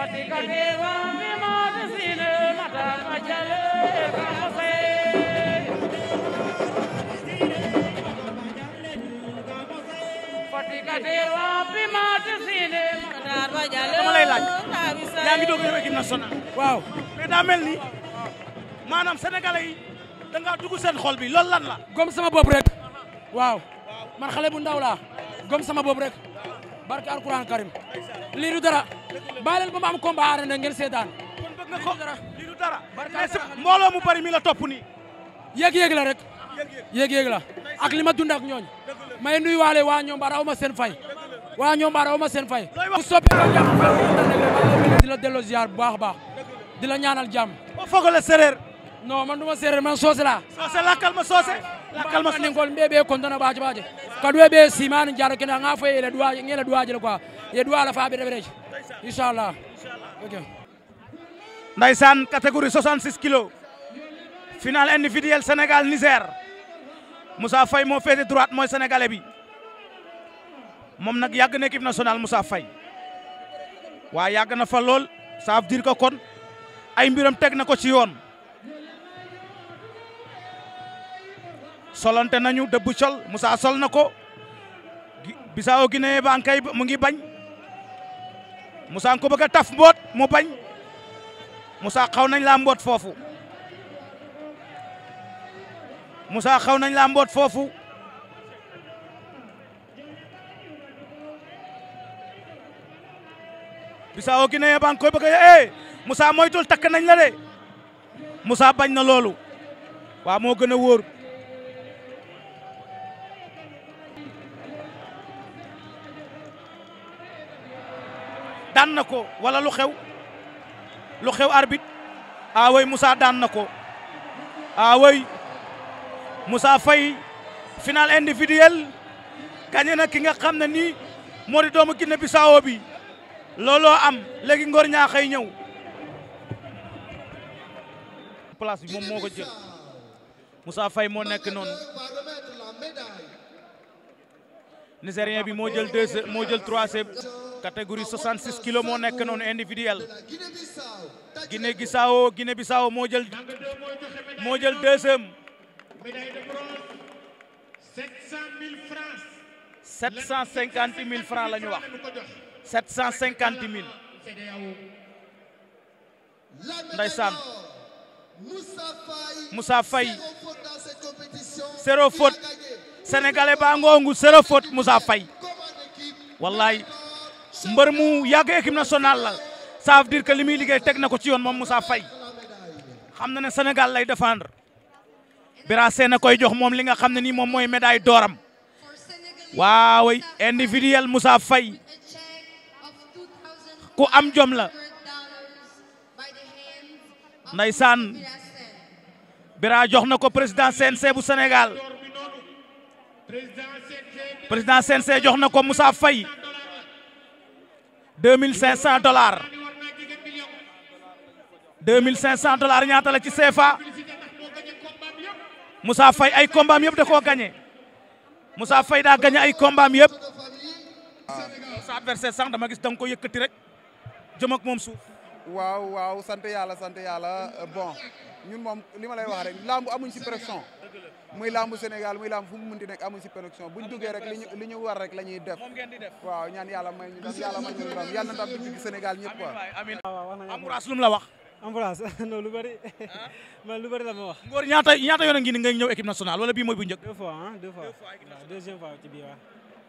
dama lay laaj yaa ngi doog a équipe nationale waaw mais daa mel ni maanaam sénégalais yi da dugg seen xol bi loolu lan la gom sama bopp rek waaw man xale bu ndaw laa gom sama bopp rek barke alquran karim lii dara bàyyi leen ba ma am combat aare na ngeen seetaan lii du dara bari mi la topp nii yéeg-yéeg la rek yéeg ak li ma dund ak ñooñ may nuy waale waa ñoom baara aw ma seen fay waa ñoom baara aw ma seen fay bu soppee ko jàmm di la delloo ziar bu baax baax di la ñaanal jàmm foogale séeréer non man du ma séeréer man soose laa soose ma soose lakkal masninkol mbe ɓe contona ɓaje ɓaje kadi we ɓe simani jara a anga fo ele duwa ele duwaje le quoi ye duwa la faɓe ɗeɓereje inchallah ok ndaysan catégorie 66 kilos final individuel sénégal niger Moussa Faye moo féete droite mooy sénégalais bi moom nag yàgg na équipe nationale Moussa Faye waaye yàgg na fa lool ça veut dire que kon ay mbiram teg na ko ci yoon solonte nañu dëbb sol Moussa sol na ko Bissau Guinée baa ngi koy mu ngi bañ Moussa nga ko bëgg a taf mboot mu bañ Moussa xaw nañ laa mboot foofu Moussa xaw nañ laa mboot foofu Bissau Guinée baa ngi koy bëgg a eh Moussa moytul takk nañ la de Moussa bañ na loolu waa moo gën a wóor daan na ko walla lu xew lu xew arbitre aaway ah Moussa daan na ko aaway ah Moussa Faye final individuel gañe na ki nga xam ne nii moo di doomu Guinée Bissau bi looloo am léegi ngor ñaaxay ñëw place bi moo ko jël Moussa Faye nekk noonu bi moo jël deux moo catégorie 66 kilos moo nekk noonu individuel Guinée Bissau Guinée Bissau moo jël moo jël deuxième. médaille de bronze 700 000 francs. 750 000 francs la ñu wax 750 000. Ndeysaan Moussa Faye mbër mu yàgg équipe nationale la ça veut dire que li muy liggéey teg na ko ci yoon moom Moussa Faye xam na ne Sénégal lay défendre Bira seen a koy jox moom li nga xam ne nii moom mooy médaille dooram waaw individuel Moussa fay ku am jom la ndaysaan Bira jox na ko président CNC bu Sénégal président CNC jox na ko Moussa fay deux mille cinq cent dollars deux mille cinq cent dollars ñaata la ci CFA Moussa fay ay kombaam yëpp da koo gagné Moussa Faye daa gagné ay kombaam yëpp ah. sa adversaire sax dama gis danga ko yëkkati rek jëm ak moom suuf waaw waaw sant yàlla sant yàlla euh, bon ñun moom li ma lay wax rek làmb amuñ si pression muy làmb Sénégal muy làmb fu mu mënti nekk amuñ si pression buñ duggee rek liñu li ñu war rek la ñuy def waaw ñaan yàlla may ñu dam yàlla may ñu dam yàlla na tam di Sénégal ñëpp quoi Ambroise lu mu la wax Ambroise non lu bëri man lu bëri la ma wax Ngor ñaata ñaata yoon a ngi ni nga ñëw équipe nationale wala bii mooy bu njëkk deux fois ah deux fois deuxième fois ci bii waaw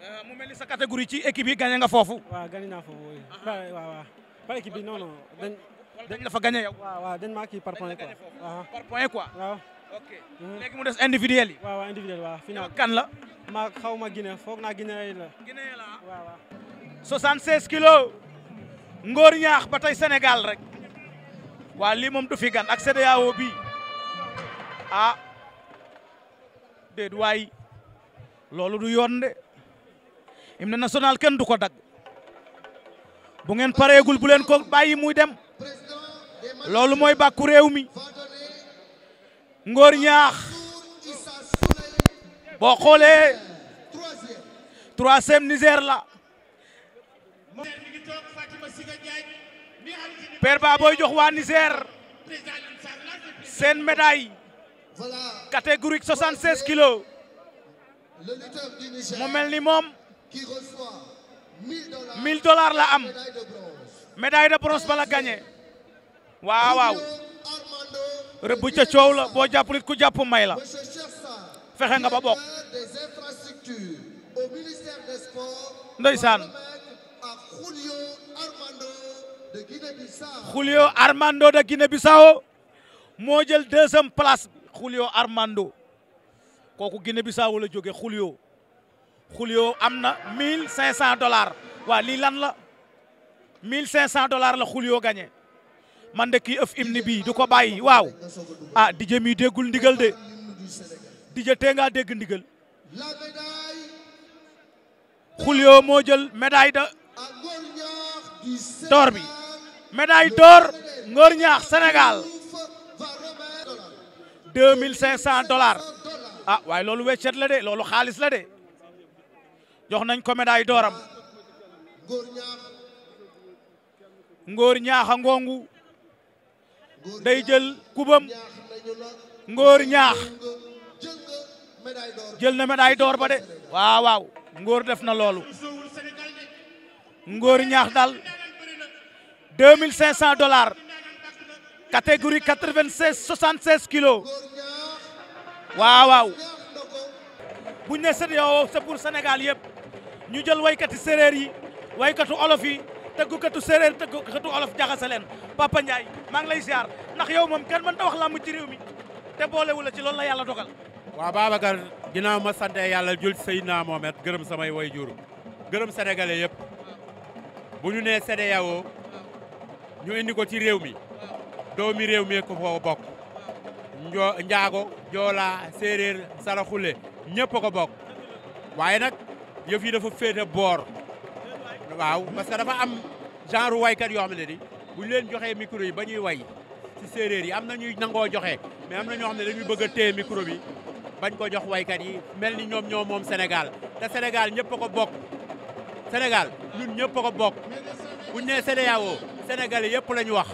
euh, mu mel ni sa catégorie ci équipe yi gagné nga foofu waaw gagné naa foofu uh-huh. waaw waaw par équipe bi non non dañ la fa gagné dañ maa kii par point quoi par point quoi. waaw ok mhm. léegi mu individuel yi. individuel waaw final kan la. maa ma Guinée foog naa Guinée la. Guinée la ah. waaw ñaax ba Sénégal rek. waa lii moom du fi ak CEDEAO bi ah déet waay loolu yoon de hymne national kenn du ko dagg bu ngeen ko bàyyi muy dem. loolu mooy bàkku réew mi ngóor ñaax boo xoolee troisième Niger la père ba booy jox waa Niger seen médaille catégorique 76 kilos mu mel ni moom 1000 dollars la am médaille de bronze bala gagné waaw waaw rëbb ca la boo jàppul ku jàpp may la fexe nga ba bokk ndeysaan Julio Armando de Guinée-Bissau moo jël deuxième place Julio Armando kooku Guinée-Bissau la jóge Julio Julio am na mille cinq cent dollars waa lii lan la mille cinq cent dollars la Julio gagné man de kii ëf hymne bii du ko bàyyi waaw ah DJ mi déggul ndigal de DJ tee ngaa dégg ndigal Julio moo jël médaille da d'or bi médaille d'or Ngor Ñaax Sénégal deux mille cinq cent dollars ah waaye loolu weccet la de loolu xaalis la de jox nañ ko médaille d'oram Ngor Ñaax a day jël kubam ngóor ñaax jël na médaille d'or ba de waaw ngóor def na loolu ngóor ñaax daal deux mille cinq cent dollars catégorie quatre-vingt-seize soixante-seize kilos ne seen Sénégal yëpp ñu jël waykati séréer yi waykatu olof yi tëggukatu séeréer tëggukatu olof jaxase leen Papa Ndiaye maa ngi lay ziar ndax yow moom kenn mënta wax làmb ci réew mi te boolewu la ci loolu la yàlla dogal. waaw Babacar ginnaaw ma sant yàlla jul Seydina Mohamed gërëm samay way jur gërëm sénégalais yëpp bu ñu nee CEDEAO ñu indi ko ci réew mi doomi mi ko ko bokk njoo njaago joola séeréer saraxule ñëpp ko bokk waaye nag yëf yi dafa féete boor waaw parce dafa am genre waykat yoo xam ne di bu ñu leen joxee micro yi ba ñuy way ci séeréer yi am na ñuy nangoo joxe mais am na ñoo xam ne dañuy bëgg a téye micro bi bañ ko jox waykat yi mel ni ñoom ñoo moom senegal te Sénégal ñëpp a ko bokk Sénégal ñun ñëpp a ko bokk buñ nee CEDEAO Sénégal yëpp la ñu wax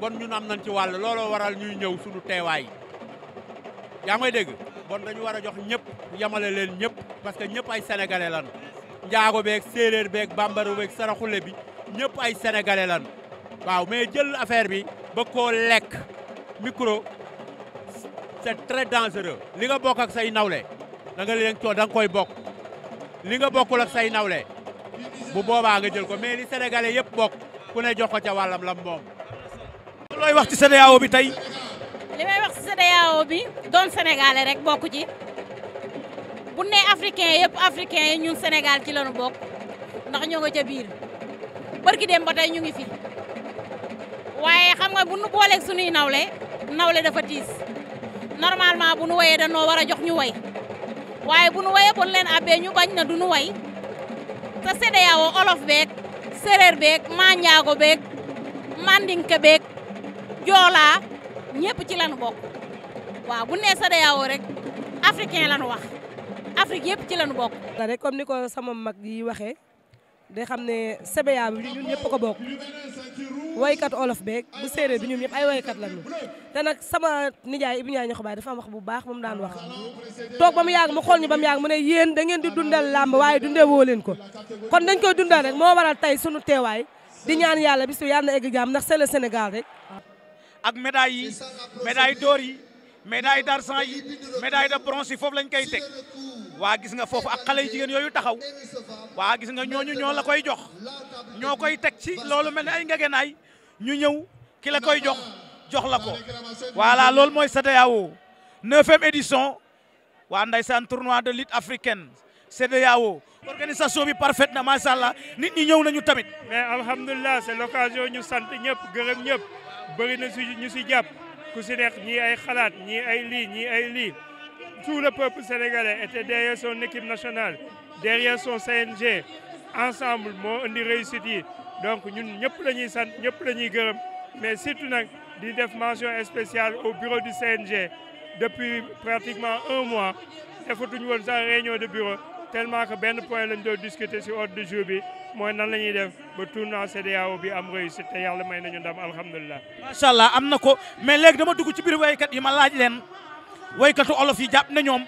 bon ñun am nañ ci wàll looloo waral ñuy ñëw suñu teewaay yaa may dégg bon dañu war a jox ñëpp yamale leen ñëpp parce que ñëpp ay sénégalais lan njaago beek séeréer beeg bambara beeg saraxule bi ñëpp ay sénégalais lan waaw mais jël affaire bi ba koo lekk micro c'est très dangereux li nga bokk ak say nawle da nga leen coo dang koy bokk li nga bokkul ak say nawle bu boobaa nga jël ko mais li sénégalais yëpp bokk ku ne jox ko ca wàllam lam moom looy wax ci CEDEAO bi tey li may wax ci CEDEAO bi doon sénégalais rek bokk ci bu ne africain yëpp africain ndax ñoo nga ca barki dem ba tey ñu ngi fi waaye xam nga bu nu booleeg suñuy nawle nawle dafa tiis normalement bu nu wayee danoo war a jox ñu way waaye bu nu wayee kon leen abbee ñu bañ na du nu way te CEDEAO olof beeg séréer beeg manjaago beeg mandinka beeg joolaa ñëpp ci lañu bokk waaw bu nee CEDEAO rek africain lañu wax Afrique yëpp ci lañu bokk. rek comme ni ko sama mag yi waxee. day xam ne CBA bi ñun ñëpp ko bokk waykat olof beeg bu séeréer bi ñun ñëpp ay waykat lañu te nag sama nijaay Ibou Ndiaye Niokhobaye dafa am wax bu baax moom daan wax toog ba mu yàgg mu xool ñu ba mu yàgg mu ne yéen da ngeen di dundal làmb waaye dundee woo leen ko kon dañ koy dundal rek moo waral tey sunu teewaay di ñaan yàlla bis yàlla na egg jàmm ndax c'est le Sénégal rek. ak médailles yi médaille d'or yi médaille d'argent yi médaille de bronze yi foofu lañ koy teg. waa gis nga foofu ak xale yu yooyu taxaw waa gis nga ñooñu ñoo la koy jox ñoo koy teg ci loolu mel ne ay ngegenaay ñu ñëw ki la koy jox jox la ko voilà loolu mooy CEDEAO neuvième édition waa ndaysaan tournoi de lutte africaine CEDEAO organisation bi parfaite na macha allah nit ñi ñëw nañu tamit. mais alhamdulilah c'est l'occasion ñu sant ñëpp gërëm ñëpp bëri na si ñu si jàpp ku si nekk ñii ay xalaat ñii ay lii ñii ay lii. tout le peuple sénégalais était derrière son équipe nationale derrière son CNG ensemble moo indi réussite yi donc ñun ñëpp la ñuy sant ñëpp la ñuy gërëm mais surtout nag di def mention spéciale au bureau du CNG depuis pratiquement un mois defatuñu woon sax réunion de bureau tellement que benn point lañ doo discuter ci ordre du jour bi mooy nan la ñuy def ba tournoi CEDEAO bi am réussite te yàlla may nañu ndam alhamdulilah. macha allah am na ko mais léegi dama dugg ci biir woykatu olof yi jàpp na ñoom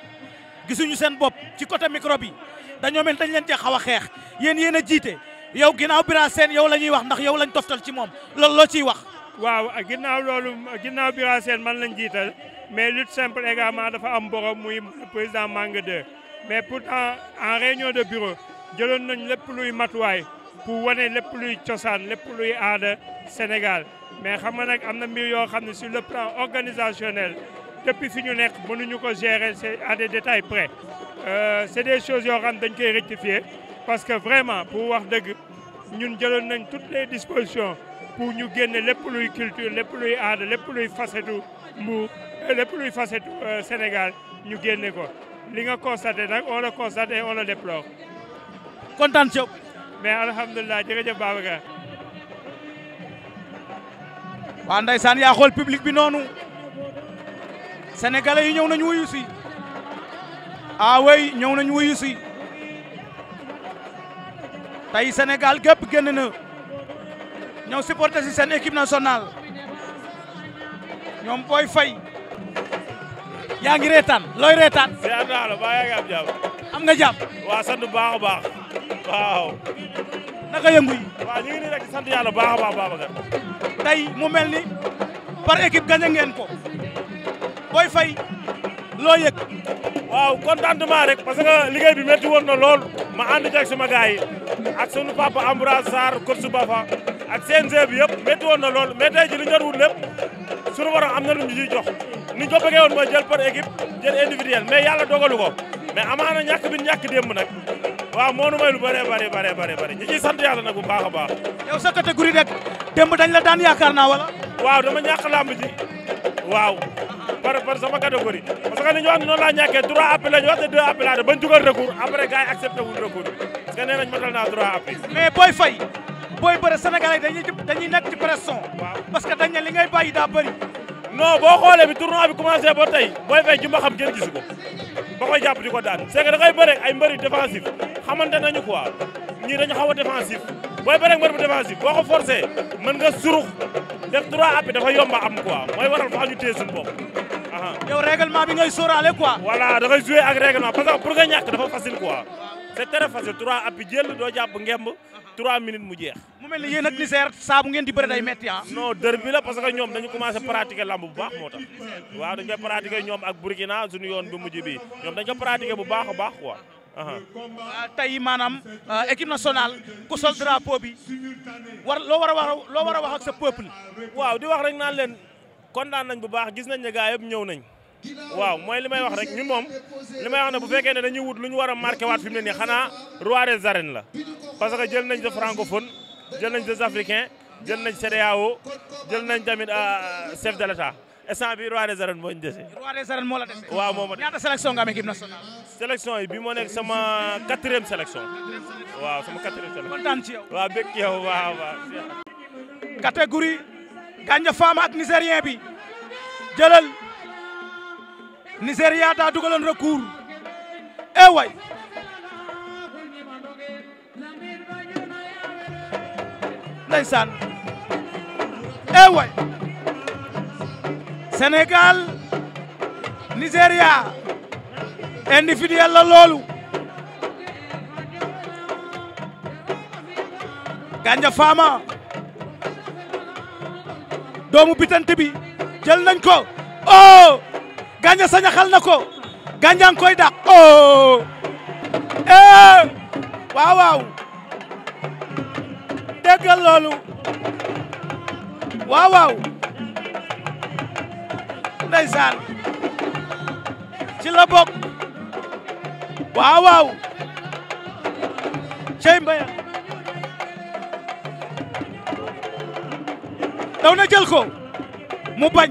gisuñu seen bopp ci côté micro bi dañoo mel dañ leen cee xaw a xeex yéen yéen a jiite yow ginnaaw Bira Sène yow la ñuy wax ndax yow lañ toftal ci moom loolu loo ciy wax. waaw a ginnaaw loolu ginnaaw Bira Sène man lañ jiital mais lutte simple également dafa am borom muy président Manga 2 mais pourtant en réunion de bureau jëloon nañ lépp luy matuwaay pour wane lépp luy cosaan lépp luy aada Sénégal mais xam nga nag am na mbir yoo xam ne sur le plan organisationnel. depuis fi ñu nekk ñu ko gérer c'est à des détails près euh, c'est des choses yoo xam dañ koy rectifier parce que vraiment pour wax dëgg ñun jëloon nañ toutes les dispositions pour ñu génne lépp luy culture lépp luy aada lépp luy facetu Mbour euh, lépp luy facetu euh, Sénégal ñu génne ko li nga constaté nag on le constate et on le déplore. kontaan ci yow. mais alhamdulilah jërëjëf Babacar. waa ndeysaan yaa xool public bi noonu. sénégalais yi ñëw nañu wuyu si ah way ñëw nañu wuyu si tey gépp génn na ñëw supporter si seen équipe nationale ñoom booy fay yaa ngi reetaan looy reetaan. ziar naa la baa yaa ngi am jàmm. am nga jàmm. waa sant bu baax baax baax baax Babacar. tey mu mel ni par équipe gagné ngeen ko. booy fay loo yëg. waaw contentement rek parce que liggéey bi métti woon na lool ma ànd ci ak sama gars yi ak sunu papa Ambroise Sarr coach ak CNG bi yëpp métti woon na lool mais tey ji li ñu doon wut lépp sunu am na lu ñu ciy jox ni ñu ko bëggee jël par équipe jël individuel mais yàlla dogalu ko mais amaana ñàkk bi ñàkk nag waaw moonu may lu bëree bëri bëri bëri bëri ñi sant yàlla nag bu baax a baax. yow sa catégorie rek démb dañ la daan yaakaar naa wala. waaw dama ñàkk làmb ji. waaw par par sama catégorie parce que ni ñu wax noonu laa ñàkkee trois appels la ñu bañ dugal recours après gars yi accepté wul recours parce que nee nañ matal naa trois appels. mais booy fay booy bëre Sénégalais dañuy nekk ci pression. parce que dañ li ngay bàyyi daa bëri. non boo xoolee bi tournoi bi commencé tey booy fay ji ma xam ba koy jàpp di ko daan c'est da ngay bëre ay mbëri défensif xamante nañu quoi ñii dañu xaw booy bëreeg mbër bu défensif boo ko forcé mën nga surux def trois appuis dafa yomba am quoi mooy waral fa ñu téye suñu bopp. yow règlement bi ngay sóoraale quoi. voilà da ngay ak règlement parce que pour nga dafa facile quoi. c' est très facile trois appuis jël doo jàpp ngemb trois minutes mu jeex. mu mel ni yéen ak Niger saa bu ngeen di bëre day metti ah. dër bi la parce ñoom dañu commencé pratiquer lamb bu baax moo tax waaw dañu koy pratiquer ñoom ak yoon bi mujj bi ñoom bu baax a baax quoi. Uh-huh. Ah, tey maanaam ah, équipe nationale ku sol drapeau bi war loo war a loo war a wax ak sa peuple. waaw di wax rek naan leen kon daan nañ bu baax gis nañ ne gars yëpp ñëw nañ. waaw mooy li may wax rek ñun moom li may ne bu fekkee ne dañuy wut lu ñu war a marqué waat fi ne nii xanaa roi des la. parce que jël nañ de francophone jël nañ des africains jël nañ CEDEAO jël nañ tamit ah, chef de l' instant bi roi des moo ñu dese. roi moo moo dese ñaata sélection nga am yi bi moo nekk sama quatrième sélection. waaw sama quatrième sélection. kontaan ci yow. waaw bëgg yow waaw waaw. bi. jëlal. Nigéria daa dugaloon recours. eh way ndeysaan eh Sénégal Nigéria individuel la loolu Gandia Fama doomu bitante bi jël nañ ko oh Gandia sañaxal na ko Gandia ngi koy dàq oh eh waaw ndeysaan ci la bokk waaw waaw cey mbaya daw na jël ko mu bañ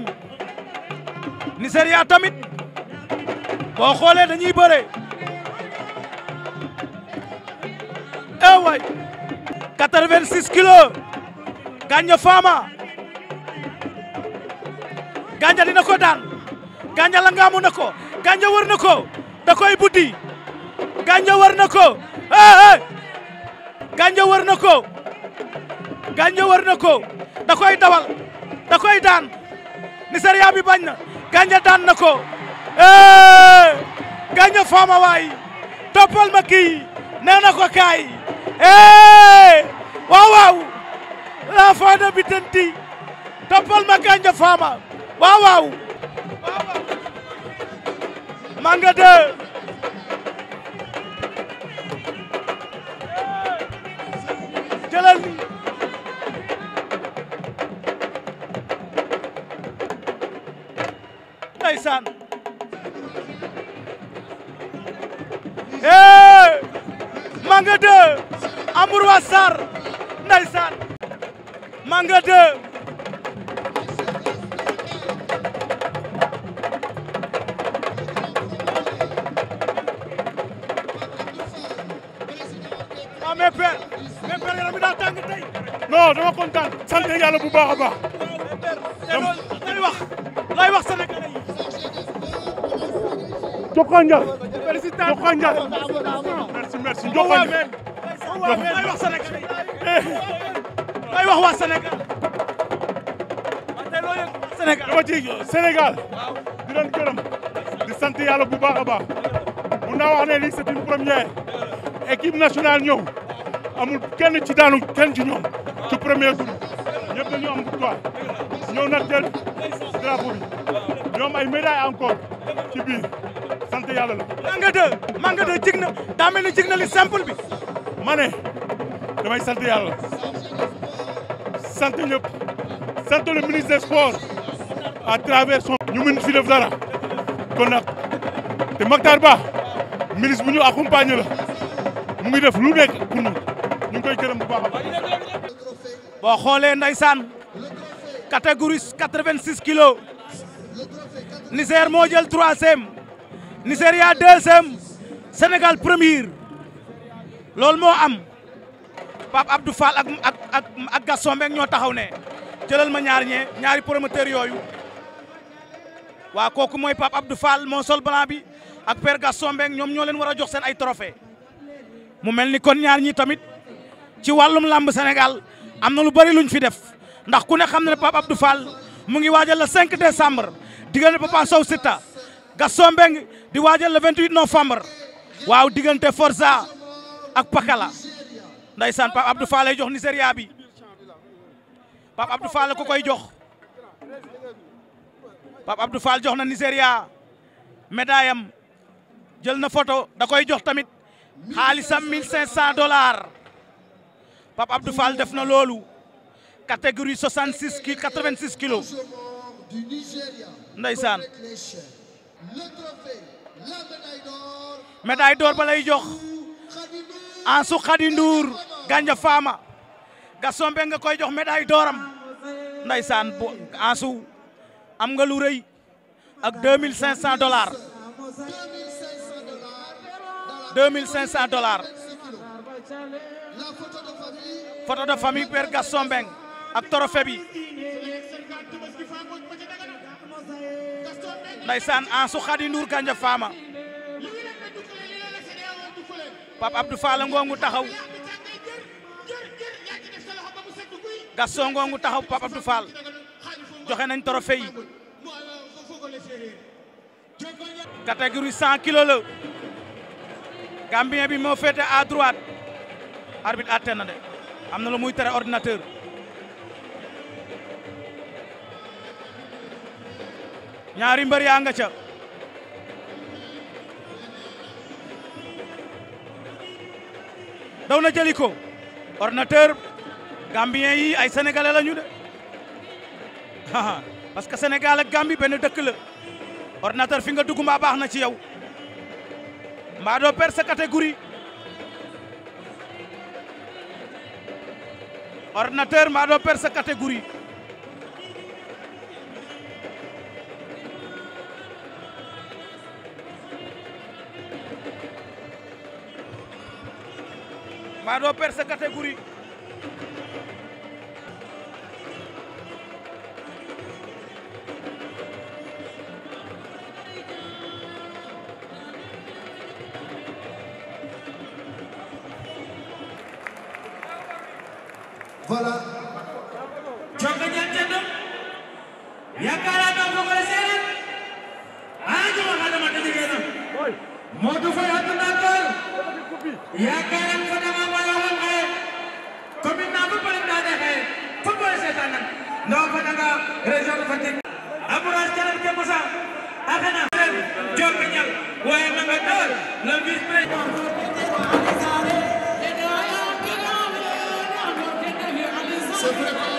Nigéria tamit boo xoolee dañuy bëre eh waay 86 kilos gàñña faama ganja dina ko daan ganja langaamu na ko ganja war na ko da koy buddi ganja war na ko eh eh na ko da koy dawal da koy daan Nigéria bi bañ na ganja daan na ko eh faama waay toppal ma kii nee na ko kaay eh waaw waaw la faana bi ma ganja faama waaw waaw Manga 2 jëlal ni ndeysaan eh Manga 2 Ambroise Sarr père mais père kontaan sant bu baax a baax. lay wax lay wax sénégalais yi. Jokal Ndiaye. félicitations wax sénégalais yi. Eh. lay di leen sant yàlla bu baax a baax. mun naa wax ne lii c'est une première. équipe nationale amul kenn ci daanu kenn ci ñoom ci premier tour ñëpp dañu am victoire ñoom ay médailles encore ci biir sant yàlla la. Manga 2 Manga 2 jig na daa mel li simple bi. ma ne damay sant yàlla sant ñëpp sant le ministre des sports à travers son. ñu mën fi def dara kon nag te Makhtar Ba ministre bu ñu accompagner la mu ngi def lu nekk pour koy gërëm bu baax a baax. boo xoolee ndeysaan catégorie 86 kilos Niger moo jël troisième Nigeria deuxième Sénégal premier loolu moo am Pape Abdou Fall ak ak ak ak Gaston ñoo taxaw ne jëlal ma ñaar ñee ñaari promoteur yooyu waa kooku mooy Pape Abdou Fall moo sol blanc bi ak père Gaston ñoom ñoo leen war a jox seen ay trophée mu mel ni kon ñaar ñi tamit. ci wàllum làmb Sénégal am na lu bëri luñ fi def ndax ku ne xam na ne Pape Abdou mu ngi waajal le 5 décembre diggante Papa Sow Sita Gaston di waajal le 28 novembre waaw diggante Forza ak Pakala ndeysaan Pape Abdou Fall lay jox Nigéria bi Pape Abdou Fall ko koy jox Pape Abdou Fall jox na Nigéria médaille jël na photo da koy jox tamit xaalisam 1500 dollars Pape Abdou Fall def na loolu catégorie 66 ki 86 kilos ndeysaan médaille d'or ba lay jox Ansou Khady Ndour Gandia Fama Gaston nga koy jox médaille d'oram ndeysaan bu Ansou am nga lu rëy ak 2500 dollars 2500 dollars photo de famille Père Gaston Mbengue ak trophée bi ndaysaan Ansu Khady Ndour Gandia Fama Pape Abdou Fall ngongu taxaw Gaston ngongu taxaw Pape Abdou Fall joxe nañ trophée yi catégorie 100 kilos la Gambien bi moo féete à droite arbitre de am na lu muy tere ordinateur ñaari mbër yaa nga ca daw na jëli ko ordinateur gambien yi ay sénégalais la ñu de parce que Sénégal ak Gambie benn dëkk la ordinateur fi nga dugg mbaa baax na ci yow mbaa doo perdre sa ordinateur mbaɗo perse catégorie mbaɗo perse catégorie C'est vrai.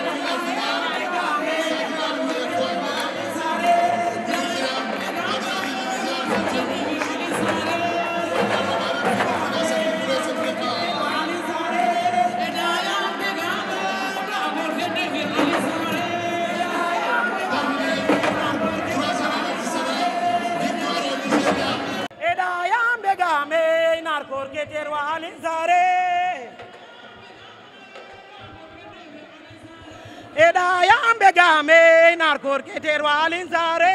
degame naar koor ke teer wa alin saare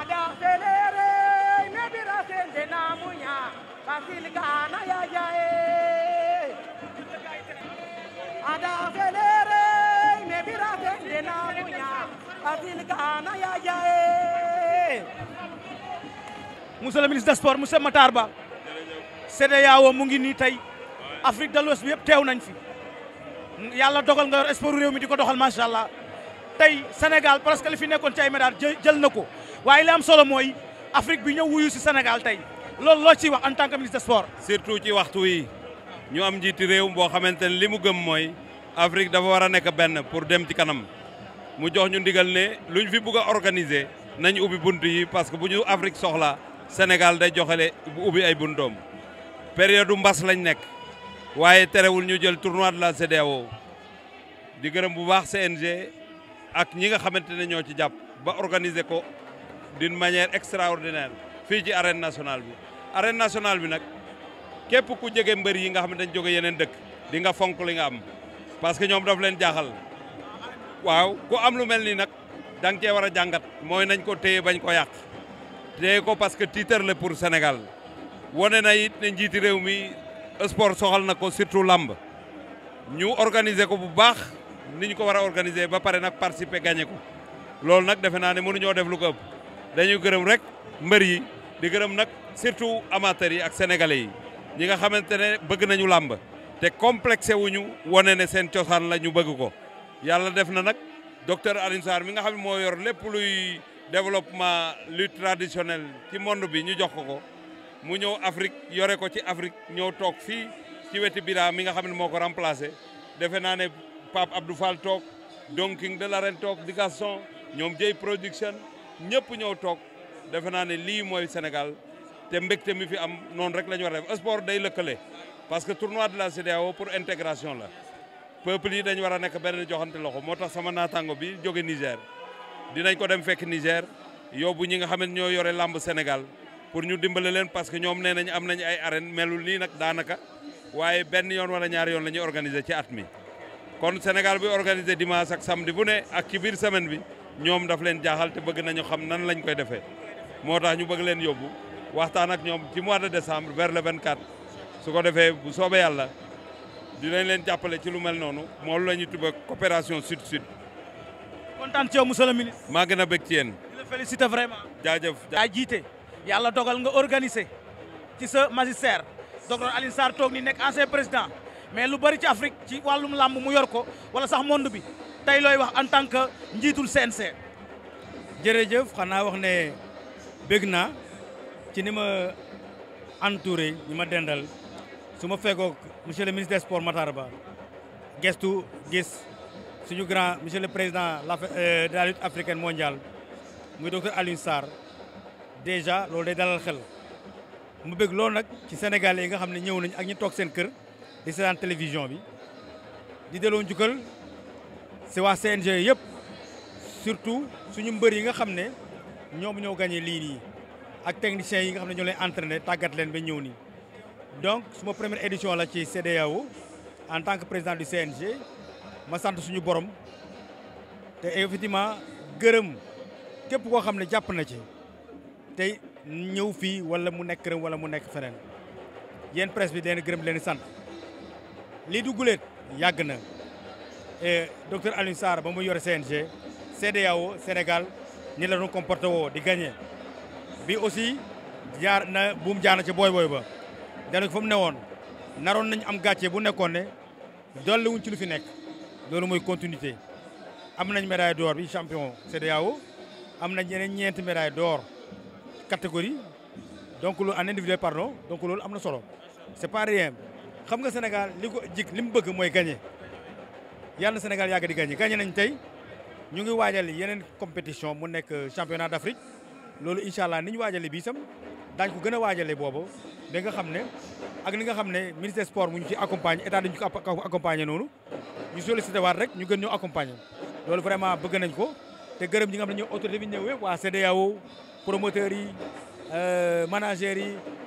ada selere me bira sende na munya kasil kana ya jae ada selere me bira sende na munya kasil kana ya jae monsieur le ministre des sports monsieur Matar Ba CEDEAO mu ngi nii tey Afrique de bi yëpp teew nañ fi yàlla dogal nga yor sport réew mi di ko doxal macha allah tey Sénégal presque li fi nekkoon ci ay médailles jël na ko waaye li am solo mooy Afrique bi ñëw wuyu si Sénégal tey loolu loo ciy wax en tant que ministre des sports. ci waxtu yi ñu am njiiti réew mboo xamante ne li mu gëm mooy Afrique dafa war a nekk benn pour dem ci kanam mu jox ñu ndigal ne ñu fi bugg a organiser nañ ubbi bunt yi parce que bu ñu Afrique soxla Sénégal day joxale ubbi ay buntoom période mbas lañ nekk. waaye terewul ñu jël tournoi de la CEDEAO di gërëm bu baax CNG ak ñi nga xamante ne ñoo ci jàpp ba organiser ko d'une manière extraordinaire fii ci arène nationale bi. arène nationale bi nag képp ku jege mbër yi nga xam ne dañ jóge yeneen dëkk di nga fonk li nga am parce que ñoom daf leen jaaxal waaw ku am lu mel nii nag da nga cee war a jàngat mooy nañ ko téye bañ ko yàq téye ko parce que titre la pour Sénégal wane na ne njiiti sport soxal na ko surtout làmb ñu organiser ko bu baax ni ñu ko war a organiser ba pare nag participer gagné ko loolu nag defe naa ne mënuñoo def lu ko ëpp dañuy gërëm rek mbër yi di gërëm nag surtout amateurs yi ak sénégalais yi ñi nga xamante ne bëgg nañu làmb te complexé wuñu wane ne seen cosaan la ñu bëgg ko yàlla def na nag docteur Alioune Sarr mi nga xam ne moo yor lépp luy développement lutte traditionnelle ci monde bi ñu jox ko mu ñëw Afrique yore ko ci Afrique ñëw toog fii ci weti Bira mi nga xam ne moo ko remplacé defe naa ne Pape Abdou Fall toog Don King de l'arène toog di Gaston ñoom Jey production ñëpp ñëw toog defe naa ne lii mooy Sénégal te mbégte mi fi am noonu rek la ñu war a def sport day lëkkale parce que tournoi de la CEDEAO pour intégration la peuple yi dañu war a nekk benn joxante loxo moo tax sama naataango bi jóge Niger dinañ ko dem fekk Niger yóbbu ñi nga xam ñoo yore làmb Sénégal pour ñu dimbale leen parce que ñoom nee am nañ ay arène melul nii nag daanaka waaye benn yoon wala ñaari yoon la ñuy organiser ci at mi. kon Sénégal bi organiser dimanche ak samedi bu ne ak ci biir semaine bi ñoom daf leen jaaxal te bëgg nañu xam nan lañ koy defee moo tax ñu bëgg leen yóbbu waxtaan ak ñoom ci mois de décembre vers le 24 su ko defee bu soobee yàlla. dinañ leen jàppale ci lu mel noonu moom la ñuy tuba coopération sud sud. kontaan ci yow maa gën a bëgg ci vraiment. jaajëf jaajëf jiite. yàlla dogal nga organiser ci sa magistère docteur Alioune Sarr toog ni nekk ancien président mais lu bari ci Afrique ci wàllum làmb mu yor ko wala sax monde bi tey looy wax en tant que njiitul CNC. jërëjëf xanaa wax ne bég na ci ni ma entouré ñi ma dendal su ma fekkoog monsieur le ministre de sports Matar Ba gestu gis suñu grand monsieur le président de la euh, lutte africaine mondiale muy docteur Alioune Sarr. déjà loolu day dalal xel mu bëgg loolu nag ci sénégalais yi nga xam ne ñëw nañ ak ñu toog seen kër di seetaan télévision bi di delloo njukkal si waa CNG yëpp surtout suñu mbër yi nga xam ne ñoom ñoo gagné lii nii ak techniciens yi nga xam ne ñoo leen entraîné tàggat leen ba ñëw nii. donc suma première édition la ci CEDEAO en tant que président du CNG ma sant suñu borom te effectivement gërëm képp koo xam ne jàpp na ci. tey ñëw fii wala mu nekk këram wala mu nekk feneen yéen presse bi leen gërëm leen sant lii du guleet yàgg na et docteur Alioune Sarr ba mu yore CNG CEDEAO Sénégal ñi la doon comporté woo di gagné bi aussi jaar na buum jaana ci booy booy ba dana fa mu ne woon naroon nañu am gàcce bu nekkoon ne dolliwuñ ci lu fi nekk loolu mooy continuité am nañ médaille d'or bi champion CEDEAO am nañ yeneen ñeent médaille d'or catégorie donc loolu en individuel pardon donc loolu am na solo c'est pas rien xam nga Sénégal li ko jik li mu bëgg mooy gagner yàlla Sénégal yàgg di gagner gagner nañ tey ñu ngi waajal yeneen compétition mu nekk championnat d'Afrique loolu incha allah ni ñu waajale bii sam daañu ko gën a waajale boobu da nga xam ne ak li nga xam ne ministère sport mu ñu ci accompagner état dañu ko accompagner noonu ñu sollicité waat rek ñu gën ñoo accompagner loolu vraiment bëgg nañ ko te gërëm ñi nga xam ne promoteurs yi euh, managers yi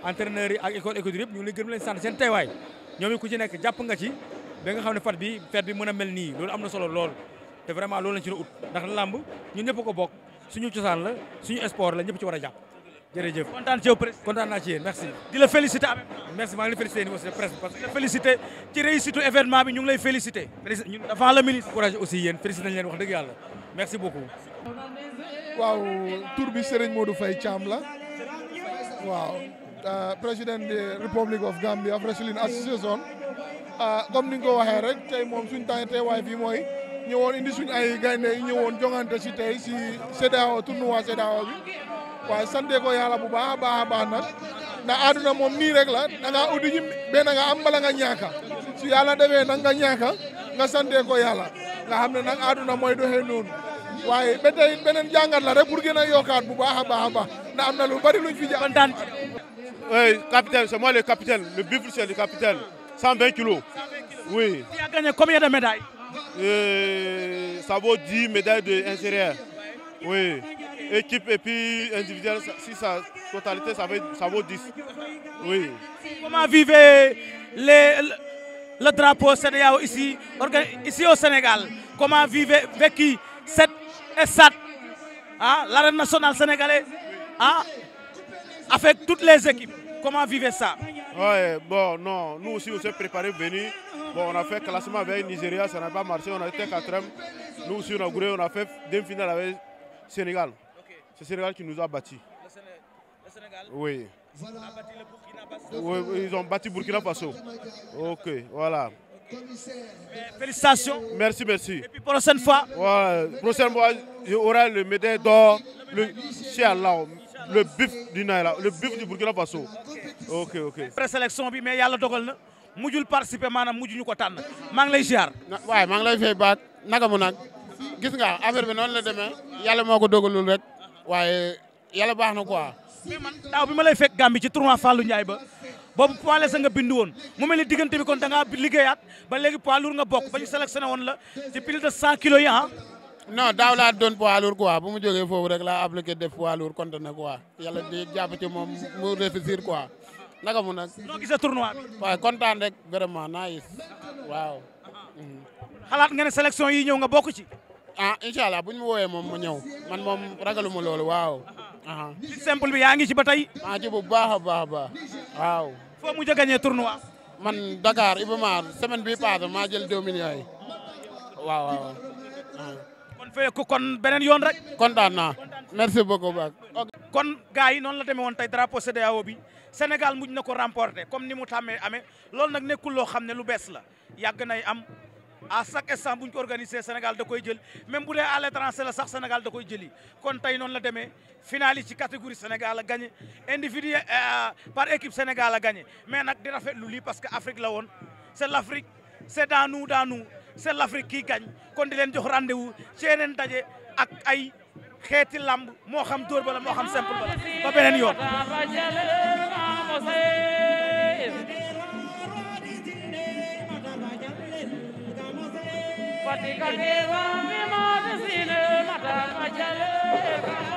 entraîneurs yi ak école écoute yëpp ñu ngi leen gërëm leen sant seen teewaay ñoom it ku ci nekk jàpp nga ci ba xam ne fat bi fête bi mën a mel nii loolu am na solo lool te vraiment loolu lañ ci doon ut ndax làmb ñun ñëpp ko bokk suñu cosaan la suñu sport la ñëpp ci war a jàpp jërëjëf kontaan kontaan ci yéen merci. di la féliciter am merci maa ngi lay féliciter yéen presque parce que. ci réussite événement bi ñu ngi lay féliciter. président ñun devant le ministre. courage aussi yéen féliciter nañ leen wax dëgg yàlla waaw tur bi moo du Faye caam la waaw euh, président de Republic of Gambia Wrestling Association euh, comme ni nga ko waxee rek tey moom suñ tànn teewaay fii mooy ñëwoon indi suñ ay gaynde yi ñëwoon jongante si tey si CEDEAO tournoi CEDEAO bi waaye sante ko yàlla bu baax a baax a baax nag ndax àdduna moom nii rek la da ngaa uddi ji benn nga am bala nga ñaaka si yàlla defee nag nga ñaaka nga sante ko yàlla nga xam ne nag àdduna mooy doxee noonu waaye ba beneen jàngat la rek pour gën a yokkaat bu baax a baax a baax ndax am na lu bari le capitaine le buffle le capitaine 120 kilos. oui. tu combien de médailles. Euh, ça vaut 10 de inférieur. Oui. Équipe et puis individuelle, si sa totalité, ça, veut, ça Comment vivez le, drapeau CEDEAO ici, au Sénégal Comment vivez-vous cette stade ah l'arène nationale sénégalaise ah toutes les équipes comment vivez ça non nous aussi on s'est préparé venir bon on a fait classement avec Nigeria ça n'a pas on a été quatrième nous aussi on a gouré demi-finale avec Sénégal c'est Sénégal qui nous a battu oui. Ils ont battu Burkina Faso. OK, voilà. Eh, félicitations. Merci, merci. Et puis prochaine fois. Ouais, prochaine fois, j'aurai le médaille d'or, le Chialao, le bif du Naira, le bif du Burkina Faso. Ok, ok. Présélection bi mais yàlla dogal na mujul participer maanaam mujj ñu ko tànn maa ngi lay ziar. waaye maa ngi lay fay baat naka mu nag gis nga affaire bi noonu la demee yàlla moo ko dogalul rek waaye yàlla baax na quoi. mais man daaw bi ma lay fekk Gambie ci tournoi Fallou Ndiaye ba. boobu poids sa nga bindu woon mu mel ni diggante bi kon da ngaa liggéeyaat ba léegi poids lourd nga bokk ba ñu woon la ci plus de cent kilos yi ah. non daaw laa don poids lourd quoi bu mu jógee foofu rek laa appliqué de poids lourd compte na quoi yàlla di jàpp ci moom mu réussir quoi naka mu nag. noo gisee tournoi bi. waaw kontaan rek vraiment nice waaw. Mhm. xalaat nga ne sélection yi ñëw nga bokk ci. ah incha allah buñ ma wooyee moom ma ñëw man moom ragaluma loolu waaw. ah. simple bi yaa ngi ci ba tey. maa ci bu baax a baax a baax waaw. foo mujj a gagné tournoi. man dakaar Iba Mar semaine bii passée maa jël 2 millions waaw waaw. kon fekk kon beneen yoon rek. kontaan naa merci beaucoup. kon gars yi noonu la demee woon tey drapeau CEDEAO bi Sénégal mujj na ko remporte comme ni mu tàmmee amee loolu nag nekkul loo xam ne lu bees la yàgg am. à chaque instant bu ñu ko organisé Sénégal da koy jël même bu dee à l'étranger la sax Sénégal da koy jëli kon tey noonu la demee finale ci catégorie Sénégal a gagné individu euh, par équipe Sénégal a gagné mais nag di rafetlu lii parce que Afrique la woon c'est l'Afrique c'est dans nous dans nous c'est l'Afrique qui gagne kon di leen jox rendez-vous ci yeneen daje ak ay xeeti lamb moo xam dóor bala moo xam simple bala ba beneen yoon Fatika dewa mi ma desine matar ma